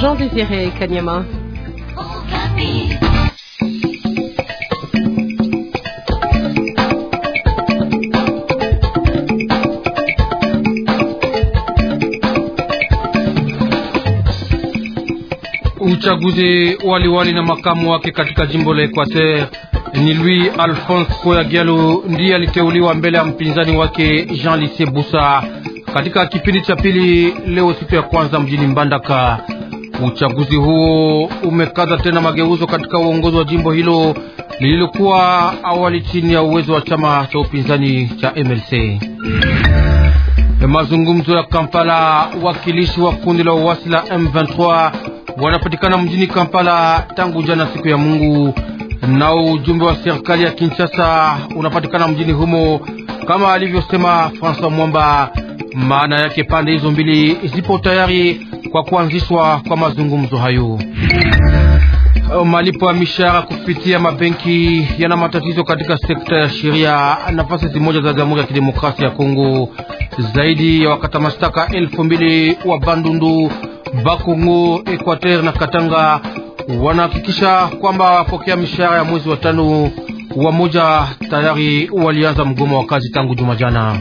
Jean Désiré Kanyama. Uchaguzi waliwali na makamu wake katika jimbo la Equateur ni Louis Alphonse Koya Diallo ndiye aliteuliwa mbele ya mpinzani wake Jean Lisie Busa katika kipindi cha pili leo, siku ya kwanza mjini Mbandaka. Uchaguzi huo umekaza tena mageuzo katika uongozi wa jimbo hilo lililokuwa awali chini ya uwezo wa chama cha upinzani cha MLC. Mazungumzo ya Kampala, wakilishi wa kundi la uasi la M23 wanapatikana mjini Kampala tangu jana siku ya Mungu, na ujumbe wa serikali ya Kinshasa unapatikana mjini humo, kama alivyosema François Mwamba maana yake pande hizo mbili zipo tayari kwa kuanzishwa kwa mazungumzo hayo. Malipo ya mishahara kupitia mabenki yana matatizo katika sekta ya sheria nafasi zimoja za Jamhuri ya Kidemokrasia ya Kongo. Zaidi ya wakata mashtaka elfu mbili wa Bandundu, Bakongo, Equateur na Katanga wanahakikisha kwamba wapokea mishahara ya mwezi wa tano. Wamoja tayari walianza mgomo wa kazi tangu juma jana.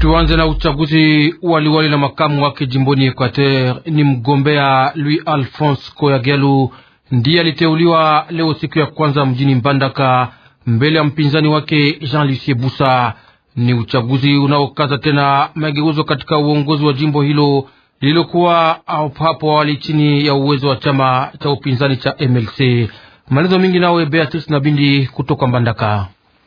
Tuanze na uchaguzi waliwali na makamu wake jimboni Equateur. Ni mgombea Louis Alphonse Koyagelu ndiye aliteuliwa leo siku ya kwanza mjini Mbandaka mbele ya mpinzani wake Jean Lucie Busa. Ni uchaguzi unaokaza tena mageuzo katika uongozi wa jimbo hilo lililokuwa hapo awali chini ya uwezo wa chama cha upinzani cha MLC. Maelezo mingi nawe Beatrice Nabindi kutoka Mbandaka.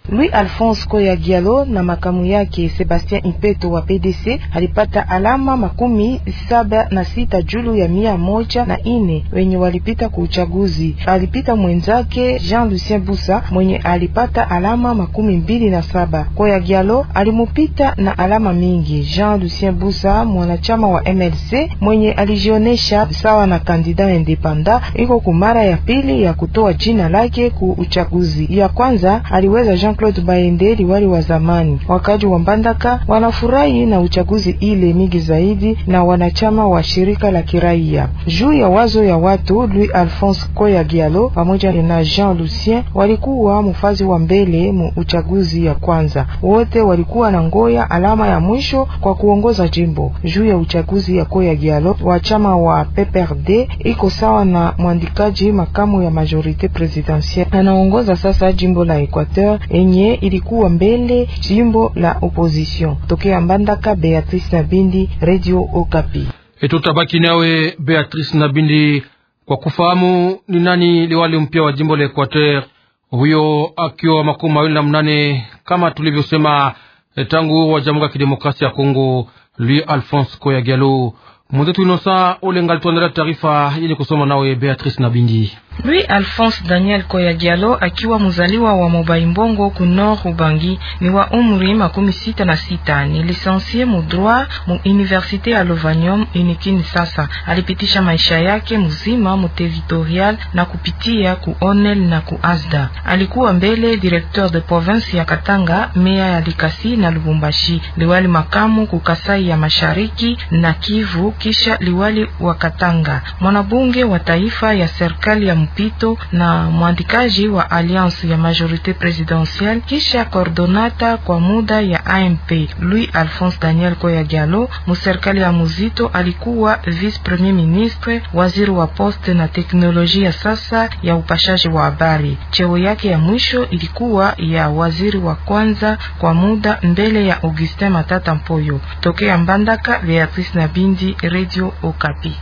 Louis Alphonse Koya gialo na makamu yake Sebastien Impeto wa PDC alipata alama makumi saba na sita julu ya mia moja na ine wenye walipita ku uchaguzi. Alipita mwenzake Jean Lucien Busa mwenye alipata alama makumi mbili na saba. Koya gialo alimupita na alama mingi. Jean Lucien Busa mwanachama wa MLC mwenye alijionesha sawa na kandida independa, iko kumara ya pili ya kutoa jina lake ku uchaguzi. Ya kwanza aliweza Jean Jean-Claude Baende, liwali wa zamani. Wakaji wa Mbandaka wanafurahi na uchaguzi ile mingi zaidi na wanachama wa shirika la kiraia juu ya wazo ya watu. Louis Alphonse Koya Gialo pamoja na Jean Lucien walikuwa mfazi wa mbele mu uchaguzi ya kwanza. Wote walikuwa na ngoya alama ya mwisho kwa kuongoza jimbo juu ya uchaguzi ya Koya Gialo wa chama wa PPRD iko sawa na mwandikaji makamu ya majorite presidentielle anaongoza sasa jimbo la Equateur yenye ilikuwa mbele jimbo la opposition. Tokea Mbandaka, Beatrice Nabindi, Radio Okapi. Etutabaki nawe Beatrice Nabindi kwa kufahamu ni nani liwali mpya wa jimbo la Equateur, huyo akiwa makumi mawili na mnane kama tulivyosema e, tangu wa Jamhuri ya Kidemokrasia ya Kongo. Louis Alphonse Koyagalo, mwenzetu Inosa Olenga alituandalia taarifa ili kusoma nawe Beatrice Nabindi. Lui Alphonse Daniel Koya Diallo akiwa mzaliwa wa Mobai Mbongo ku nord Ubangi ni wa umri makumi sita na sita ni lisensie mu droit mu université ya Lovanium inikini. Sasa alipitisha maisha yake mzima mu territorial na kupitia ku Onel na ku Asda. Alikuwa mbele directeur de province ya Katanga, meya ya Likasi na Lubumbashi, liwali makamu ku Kasai ya Mashariki na Kivu, kisha liwali wa Katanga, mwanabunge wa taifa ya serikali ya mpito na mwandikaji wa Alliance ya Majorite Presidentielle kisha kordonata kwa muda ya AMP Louis Alphonse Daniel Koya Diallo. Muserikali ya Muzito alikuwa vice premier ministre, waziri wa poste na teknolojia sasa ya upashaji wa habari. Cheo yake ya mwisho ilikuwa ya waziri wa kwanza kwa muda mbele ya Augustin Matata Mpoyo. Tokea Mbandaka, Beatrice Nabindi, Radio Okapi.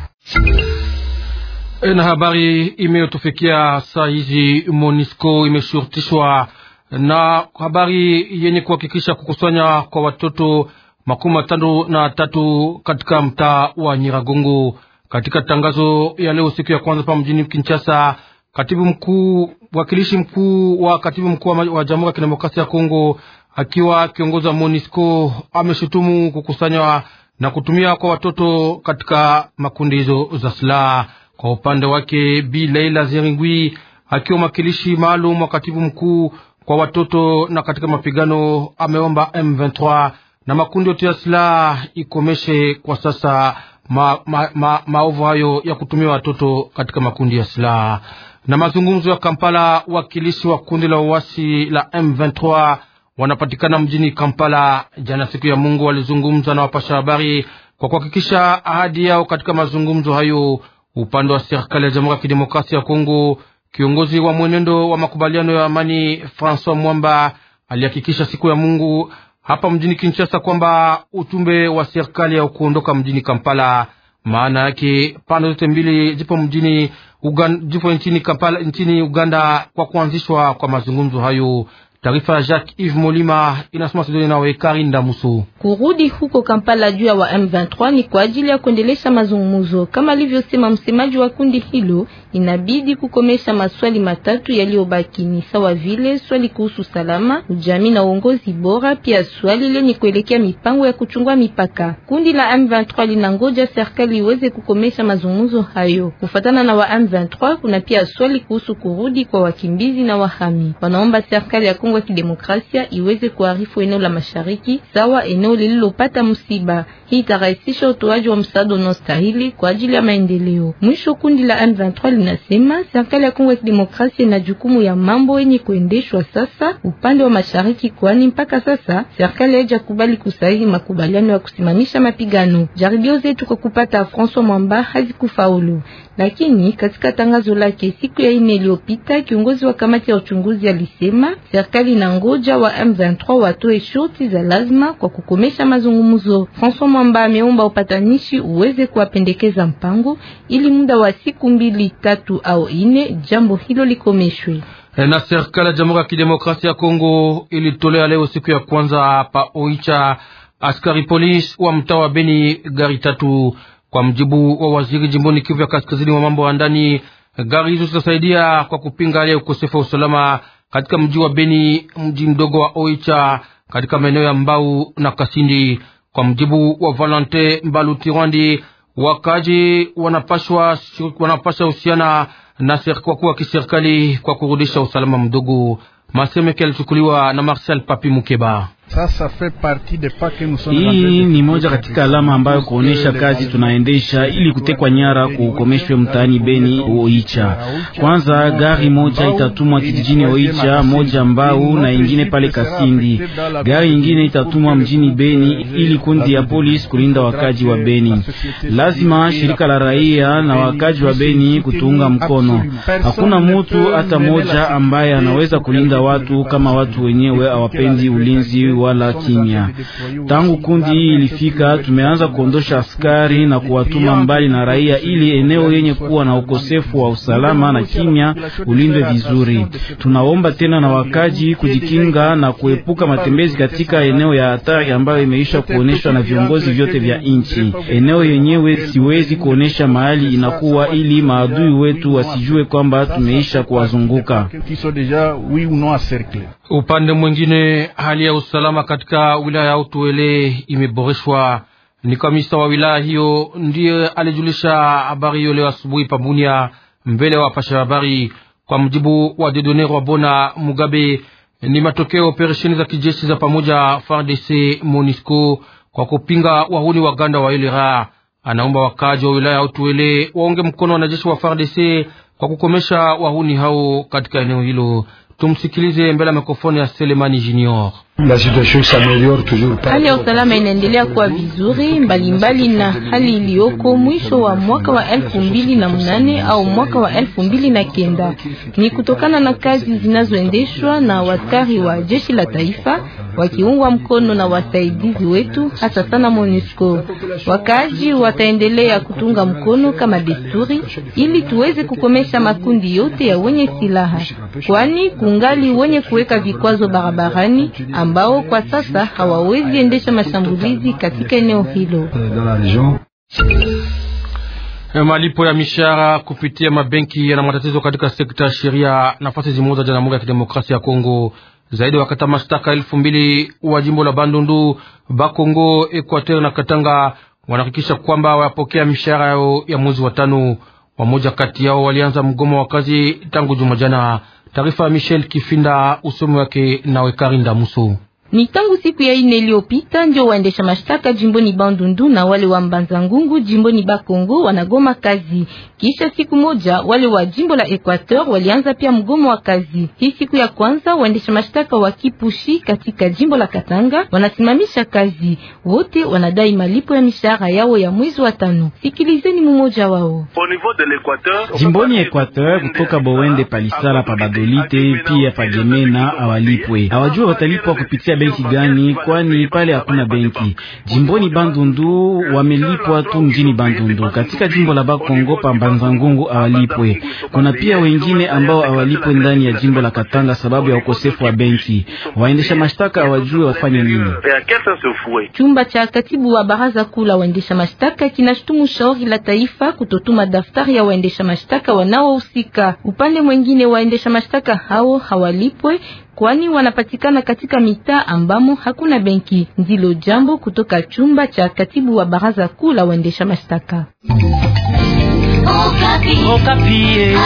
Eh, na habari imeyotufikia saa hizi, Monisco imeshurutishwa na habari yenye kuhakikisha kukusanya kwa watoto makumi matano na tatu katika mtaa wa Nyiragongo. Katika tangazo ya leo siku ya kwanza pa mjini Kinshasa, katibu mkuu wakilishi mkuu wa katibu mkuu wa Jamhuri ya Kidemokrasia ya Kongo akiwa akiongoza Monisco ameshutumu kukusanywa na kutumia kwa watoto katika makundi hizo za silaha. Kwa upande wake, Bi Leila Zeringui akiwa mwakilishi maalum wa katibu mkuu kwa watoto na katika mapigano, ameomba M23 na makundi yote ya silaha ikomeshe kwa sasa maovu ma, ma, ma hayo ya kutumia watoto katika makundi ya silaha. Na mazungumzo ya Kampala, wakilishi wa kundi la uasi la M23 wanapatikana mjini Kampala. Jana siku ya Mungu walizungumza na wapasha habari kwa kuhakikisha ahadi yao katika mazungumzo hayo. Upande wa serikali ya Jamhuri ya Kidemokrasia ya Kongo, kiongozi wa mwenendo wa makubaliano ya amani Francois Mwamba alihakikisha siku ya Mungu hapa mjini Kinshasa kwamba ujumbe wa serikali ya kuondoka mjini Kampala, maana yake pande zote mbili zipo mjini Ugan, nchini Kampala nchini Uganda kwa kuanzishwa kwa mazungumzo hayo Taarifa ya Jacques Yves Molima inasoma Sidoni nawe Karinda Muso. Kurudi huko Kampala juu ya wa M23 ni kwa ajili ya kuendelesha mazungumzo kama alivyosema msemaji wa kundi hilo inabidi kukomesha maswali matatu yaliyobaki ni sawa vile swali kuhusu salama, ujami na uongozi bora, pia swali lenye kuelekea mipango ya kuchungua mipaka. Kundi la M23 linangoja serikali iweze kukomesha mazungumzo hayo. Kufatana na wa M23, kuna pia swali kuhusu kurudi kwa wakimbizi na wahami. Wanaomba serikali ya Kongo ya Kidemokrasia iweze kuarifu eneo la mashariki sawa eneo lililopata msiba. Hii itarahisisha utoaji wa msaada unaostahili kwa ajili ya maendeleo. Mwisho kundi la M23 linasema serikali ya Kongo ya Kidemokrasia ina jukumu ya mambo yenye kuendeshwa sasa upande wa mashariki, kwani mpaka sasa serikali haijakubali kusahihi makubaliano ya kusimamisha mapigano. Jaribio zetu kwa kupata François Mwamba hazikufaulu, lakini katika tangazo lake siku ya ine iliyopita, kiongozi wa kamati ya uchunguzi alisema serikali na ngoja wa M23 watoe shoti za lazima kwa kukomesha mazungumzo. François Mwamba ameomba upatanishi uweze kuwapendekeza mpango ili muda wa siku mbili tatu au ine, jambo hilo likomeshwe. Eh, na serikali ya Jamhuri ya Kidemokrasia ya Kongo ilitolea leo siku ya kwanza hapa Oicha askari polisi wa mtaa wa Beni gari tatu. Kwa mjibu wa waziri jimboni Kivu ya kaskazini wa mambo ya ndani, gari hizo zitasaidia kwa kupinga hali ya ukosefu wa usalama katika mji wa Beni, mji mdogo wa Oicha, katika maeneo ya Mbau na Kasindi. Kwa mjibu wa Valente Mbalutirwandi wakaji wanapashwa wanapasha husiana na kwa kuwa kiserikali kwa kurudisha usalama mdogo. Masemeke yalichukuliwa na Marcel Papi Mukeba. Hii ni moja katika alama ambayo kuonesha kazi tunaendesha ili kutekwa nyara kukomeshwe mtaani Beni Oicha. Kwanza gari moja itatumwa kijijini Oicha, moja Mbau na ingine pale Kasindi. Gari ingine itatumwa mjini Beni euh, ili kundi ya polisi kulinda wakaji wa Beni. Lazima shirika la raia na wakaji wa Beni kutuunga mkono. Hakuna mutu hata moja ambaye anaweza kulinda watu kama watu wenyewe hawapendi ulinzi wala kimya. Tangu kundi hii ilifika, tumeanza kuondosha askari na kuwatuma mbali na raia, ili eneo yenye kuwa na ukosefu wa usalama na kimya ulindwe vizuri. Tunaomba tena na wakaji kujikinga na kuepuka matembezi katika eneo ya hatari ambayo imeisha kuonyeshwa na viongozi vyote vya nchi. Eneo yenyewe siwezi kuonesha mahali inakuwa, ili maadui wetu wasijue kwamba tumeisha kuwazunguka. Upande mwingine hali ya usalama usalama katika wilaya ya Utuwele imeboreshwa. Ni kamisa wa wilaya hiyo ndiye alijulisha habari hiyo leo asubuhi pabunia mbele ya wapasha habari. Kwa mjibu wa Dedone Rwabona Mugabe, ni matokeo operesheni za kijeshi za pamoja FARDC MONUSCO kwa kupinga wahuni waganda wa Elera. Anaomba wakaji wa wilaya ya Utuwele waunge mkono wanajeshi wa FARDC kwa kukomesha wahuni hao katika eneo hilo. Tumsikilize mbele ya mikrofoni ya Selemani Junior. Hali ya usalama inaendelea kuwa vizuri mbalimbali na hali iliyoko mwisho wa mwaka wa elfu mbili na mnane au mwaka wa elfu mbili na kenda ni kutokana na kazi zinazoendeshwa na waskari wa jeshi la taifa wakiungwa mkono na wasaidizi wetu hasa sana MONUSCO. Wakaaji wataendelea kutunga mkono kama desturi, ili tuweze kukomesha makundi yote ya wenye silaha, kwani kungali wenye kuweka vikwazo barabarani am ambao kwa sasa hawawezi endesha mashambulizi katika eneo hilo. Eh, malipo ya mishahara kupitia mabenki yana matatizo katika sekta ya sheria nafasi zimoza Jamhuri ya Kidemokrasia ya Kongo zaidi wakata mashtaka elfu mbili wa jimbo la Bandundu, Bakongo, Equateur na Katanga wanahakikisha kwamba wayapokea mishahara yao ya mwezi wa tano. Wamoja kati yao walianza mgomo wa kazi tangu Jumajana. Taarifa ya Michel Kifinda, usomi wake nawe Karinda Muso. Ni tangu siku ya ine iliyopita ndio waendesha mashtaka jimboni Bandundu na wale wa Mbanza Ngungu jimboni Bakongo wanagoma kazi. Kisha siku moja wale wa jimbo la Equateur walianza pia mgomo wa kazi. Hii siku ya kwanza waendesha mashtaka wa Kipushi katika jimbo la Katanga wanasimamisha kazi. Wote wanadai malipo ya mishahara yao ya mwezi wa tano. Sikilizeni mmoja wao. Jimboni Equateur kutoka Bowende Palisala pa Badolite pia pa Gemena awalipwe. Hawajua watalipwa kupitia benki gani? Kwani pale hakuna benki jimboni Bandundu, wamelipwa tu mjini Bandundu. Katika jimbo la Bakongo pa mbanza awalipwe. Kuna pia wengine ambao awalipwe ndani ya jimbo la Katanga sababu ya ukosefu wa benki. Waendesha mashtaka awajue wafanye nini. Chumba cha katibu wa baraza kuu la waendesha mashtaka kinashutumu shauri la taifa kutotuma daftari ya waendesha mashtaka wanaohusika. Upande mwingine, waendesha mashtaka hao hawalipwe kwani wanapatikana katika mitaa ambamo hakuna benki. Ndilo jambo kutoka chumba cha katibu wa baraza kuu la waendesha mashtaka. Okapi. Okapi. Eh.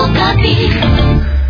Okapi.